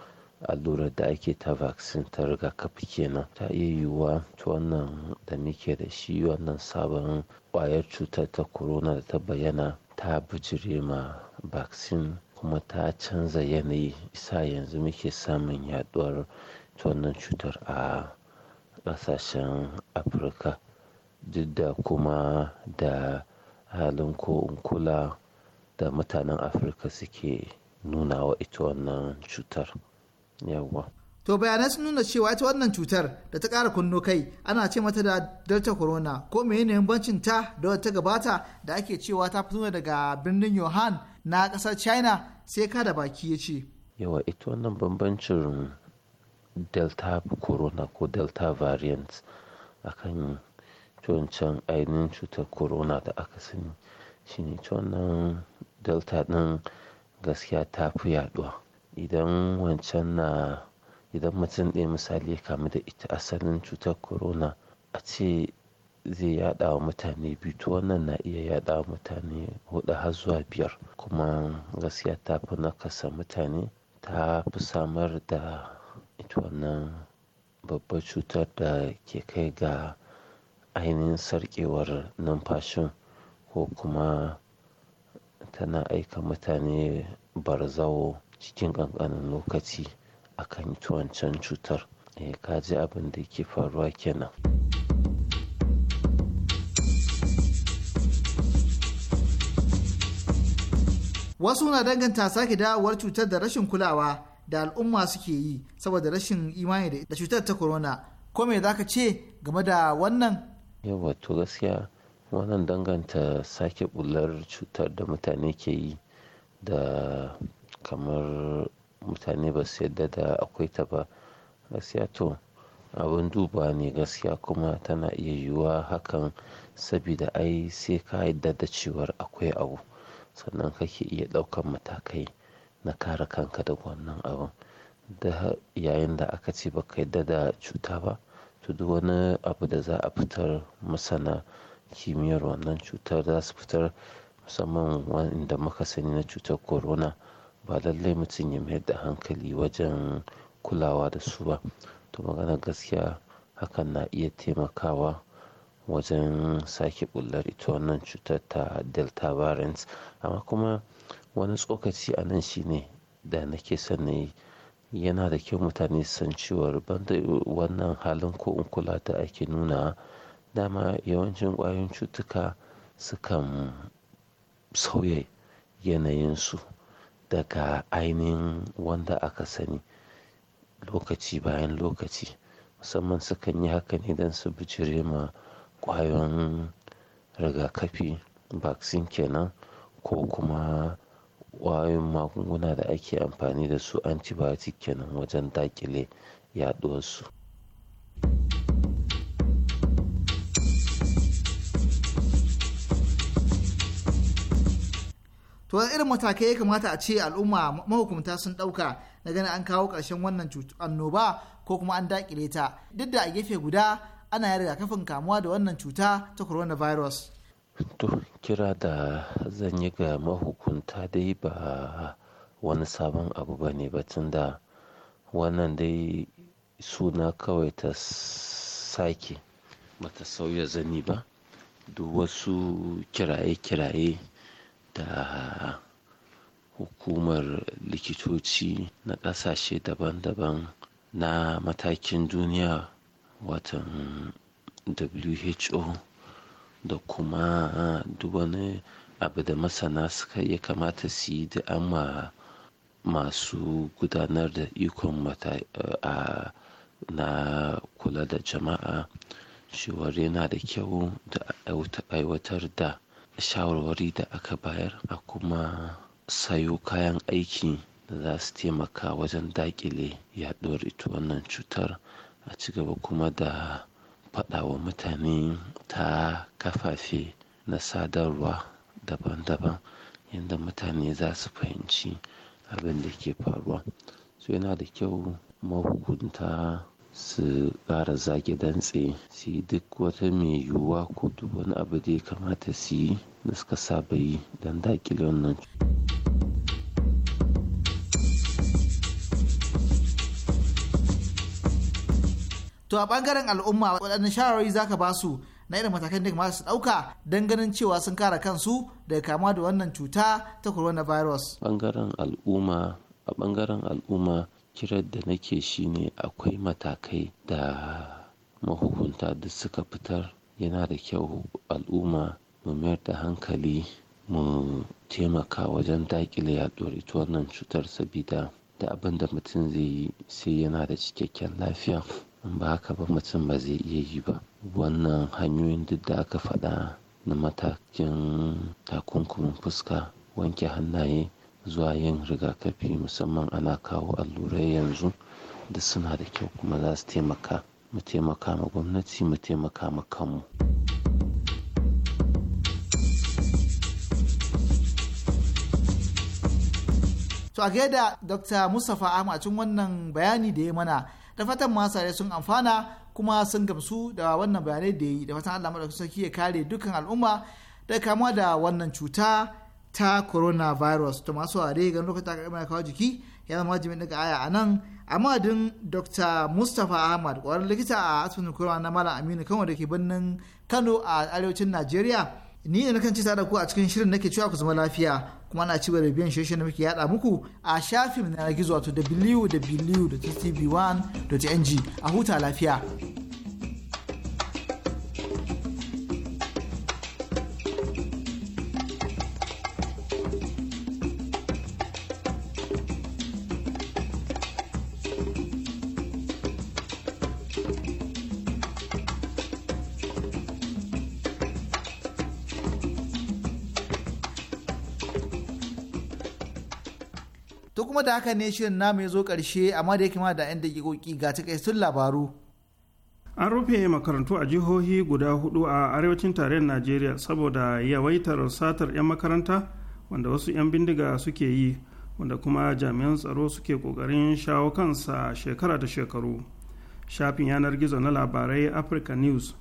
allurar da ake ta vaccine ta rigakafi kenan ta iya yiwuwa ta wannan da muke da shi wannan sabon kwayar cutar ta corona da ta bayyana ta bijire ma vaccine kuma ta canza yanayi sa yanzu muke samun yaɗuwar. ta wannan cutar a ƙasashen afirka duk da kuma da halin ko kula da mutanen afirka suke nuna wa ita wannan cutar yawa to bayanai sun nuna cewa ita wannan cutar da ta kara kunno kai ana ce mata da delta corona ko mai yanayin bancin ta da ta gabata da ake cewa ta fito daga birnin yohan na kasar china sai ka da baki ya ce yawa ita wannan bambancin delta corona ko delta variant akan can ainihin cutar corona da aka sani shine ne wannan delta din gaskiya ta fi yaduwa idan wancan na idan mutum ɗaya misali ya kamu da ita asalin cutar corona a ce zai yada wa mutane biyu wannan na iya yada wa mutane hudu har zuwa biyar kuma gaskiya ta fi nakasa mutane ta fi samar da ita wannan babbar cutar da ke kai ga ainihin sarƙewar numfashin ko kuma tana aika mutane barzawo cikin ƙanƙanin lokaci akan ita wancan cutar eh ka ji abin da ke faruwa kenan wasu na danganta sake dawowar cutar da rashin kulawa da al'umma suke yi saboda rashin imani da cutar ta corona ko me za ka ce game da wannan yawa to gaskiya wannan danganta sake bular cutar da mutane ke yi da kamar mutane ba su yadda da akwai ta ba gaskiya to abin duba ne gaskiya kuma tana iya yiwuwa hakan sabida ai sai ka yadda da cewar akwai abu sannan kake iya ɗaukan matakai na kare kanka da wannan abun da yayin da aka ce baka yadda da cuta ba to duk wani abu da za a fitar masana kimiyyar wannan cutar za su fitar musamman wanda muka sani na cutar corona ba lallai mutum ya mayar da hankali wajen kulawa da su ba to magana gaskiya hakan na iya taimakawa wajen sake bullar ita wannan cutar ta delta variant amma kuma wani tsokaci a nan ne da nake son yana da kyau mutane san cewar banda wannan halin ko in kula da ake nuna dama yawancin ƙwayoyin cutuka sukan sauya yanayinsu daga ainihin wanda aka sani lokaci bayan lokaci musamman sukan yi haka ne don su bijire ma ƙwayoyin rigakafi vaccine kenan ko kuma kwayoyin magunguna da ake amfani da su antibiotic kenan wajen dakile yaɗuwarsu. to irin matakai ya kamata a ce al'umma mahukumta sun ɗauka na ganin an kawo ƙarshen wannan annoba ko kuma an dakile ta duk da a gefe guda ana yin rigakafin kamuwa da wannan cuta ta coronavirus. To kira da zan yi ga mahukunta dai ba wani sabon abu ba ne ba da wannan dai suna kawai ta sake bata sauya zani ba duk wasu kiraye-kiraye da hukumar likitoci na ƙasashe daban-daban na matakin duniya watan WHO da kuma duk wani abu da masana suka ya kamata su yi da amma masu gudanar da ikon a na kula da jama'a shiwar yana da kyau da aiwatar da shawarwari da aka bayar a kuma sayo kayan aiki da za su taimaka wajen dakile yaduwar ita wannan cutar a cigaba kuma da faɗawa mutane ta kafafe na sadarwa daban-daban yadda mutane za su fahimci abin da ke faruwa so yana da kyau mahukunta su ƙara zage dantse su yi duk wata mai yiwuwa ko duk wani abu da ya kamata su yi da suka saba yi don daƙile wannan to a bangaren al'umma waɗannan shawarwari zaka ba su na irin matakan da kamata su ɗauka don ganin cewa sun kare kansu daga kama da wannan cuta ta coronavirus. Bangaren al'umma a bangaren al'umma kiran da nake shi ne akwai matakai da mahukunta da suka fitar yana da kyau al'umma mu mayar da hankali mu taimaka wajen daƙile yaɗuwar ita wannan cutar sabida da abin da mutum zai yi sai yana da cikakken lafiya in ba haka ba mutum ba zai iya yi ba wannan hanyoyin duk da aka faɗa na matakin takunkumin fuska wanke hannaye zuwa yin rigakafi musamman ana kawo allurai yanzu da suna da kyau kuma za su taimaka mu taimaka ma gwamnati mu taimaka ma kanmu to a gaida dr mustapha ahmad cikin wannan bayani da ya mana da fatan da sun amfana kuma sun gamsu da wannan bayanai da yi da fatan Allah madaukakin sarki ya kare dukkan al'umma da kama da wannan cuta ta coronavirus to masu ware ga lokacin aka mai kawo jiki ya zama wajibi daga aya a nan amma din Dr. Mustapha Ahmad kwarar likita a asibitin kurwa na Malam Aminu Kano da ke birnin Kano a arewacin Najeriya ni ne nakan ci tare da ku a cikin shirin nake cewa ku zama lafiya kuma ana ci da biyan shirye muke yada muku a shafin na gizo wato www.tv1.ng a huta lafiya. da haka ne shirin namu ya zo ƙarshe amma da yake ma da 'yan dakikoki ga sun labaru. An rufe makarantu a jihohi guda hudu a arewacin tarayyar Najeriya saboda yawaitar satar 'yan makaranta wanda wasu 'yan bindiga suke yi wanda kuma jami'an tsaro suke kokarin shawo kansa shekara da shekaru. Shafin yanar gizo na labarai Africa News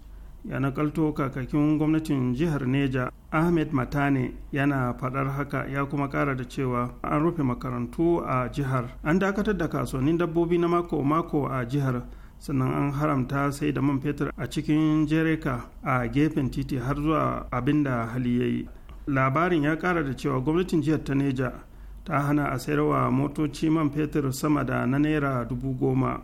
ya nakalto kakakin gwamnatin jihar neja ahmed matane yana fadar haka ya kuma kara da cewa an rufe makarantu a jihar an dakatar da kasuwannin dabbobi na mako-mako a jihar sannan an haramta sai da man fetur a cikin jereka a gefen titi har zuwa abin da hali ya yi labarin ya kara da cewa gwamnatin jihar ta neja ta hana a sayarwa motoci man fetur sama da na naira dubu goma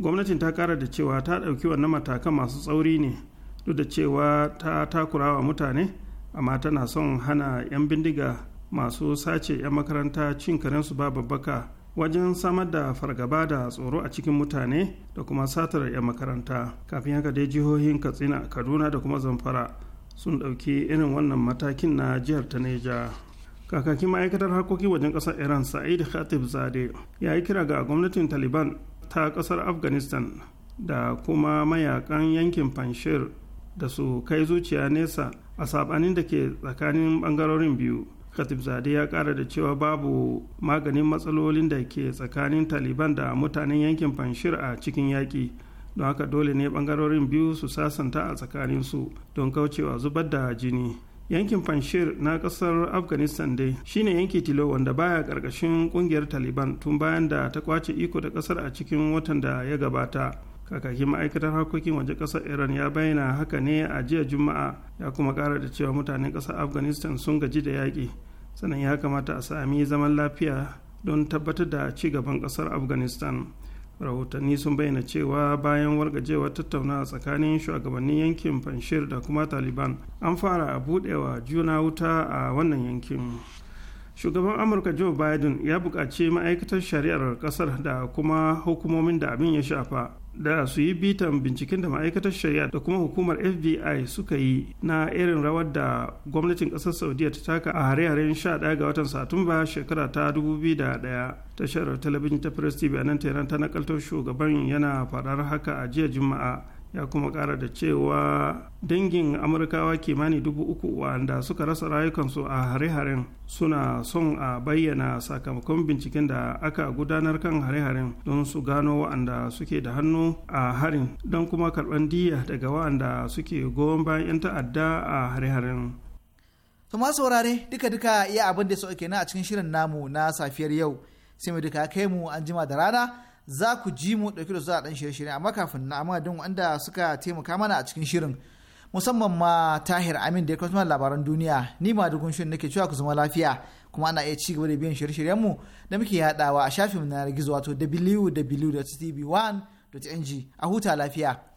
gwamnatin ta kara da cewa ta ɗauki wannan matakan masu tsauri ne duk da cewa ta takura wa mutane amma tana son hana 'yan bindiga masu sace 'yan makaranta cin karensu ba babbaka wajen samar da fargaba da tsoro a cikin mutane da kuma satar 'yan makaranta kafin haka dai jihohin katsina kaduna da kuma zamfara sun ɗauki irin wannan matakin na jihar ta neja kakakin ma'aikatar harkokin wajen ƙasar iran sa'id khatib zade ya yi kira ga gwamnatin taliban ta ƙasar afghanistan da kuma mayakan yankin panshir da su kai zuciya nesa a sabanin da ke tsakanin bangarorin biyu khatib zade ya kara da cewa babu maganin matsalolin da ke tsakanin taliban da mutanen yankin panshir a cikin yaƙi don haka dole ne bangarorin biyu su sasanta a tsakanin su don kaucewa zubar da jini yankin panshir na kasar afghanistan dai shine yanki tilo wanda baya karkashin kungiyar taliban tun bayan da ta kwace iko da kasar a cikin watan da ya gabata kakakin ma'aikatar harkokin waje ƙasar iran ya bayyana haka ne a jiya juma'a ya kuma ƙara da cewa mutanen ƙasar afghanistan sun gaji da yaƙi sannan ya kamata a sami zaman lafiya don tabbatar da ci gaban ƙasar afghanistan rahotanni sun bayyana cewa bayan wargajewar tattaunawa tsakanin shugabannin yankin panshir da kuma taliban an fara a buɗewa juna wuta a wannan yankin shugaban amurka joe biden ya buƙaci ma'aikatar shari'ar ƙasar da kuma hukumomin da abin ya shafa da su yi bitan binciken da ma'aikatar shari'a da kuma hukumar fbi suka yi na irin rawar da gwamnatin kasar saudiya ta taka a hare-haren 11 ga watan satumba shekara ta 2001 tashar talabijin ta press tv a nan ta nakaltar shugaban yana faɗar haka a jiya juma'a ya kuma kara da cewa dangin amurkawa kimani dubu uku wanda suka rasa rayukansu a hare-haren suna son a bayyana sakamakon binciken da aka gudanar kan hare-haren don su gano wa'anda suke da hannu a harin don kuma karban diya daga wa'anda suke goyon bayan 'yan ta'adda a hare-haren to ma saurare duka-duka iya abin da su na a cikin shirin namu na safiyar yau sai mu duka kai mu an jima da rana za ku ji mu ɗauki da a ɗan shirye-shirye amma kafin na amma don wanda suka taimaka mana a cikin shirin musamman ma tahir amin da ya kwasmar labaran duniya ni ma da shirin nake cewa ku zama lafiya kuma ana iya ci gaba da biyan shirye-shiryenmu da muke yaɗawa a shafin na gizo wato www.tv1.ng a huta lafiya.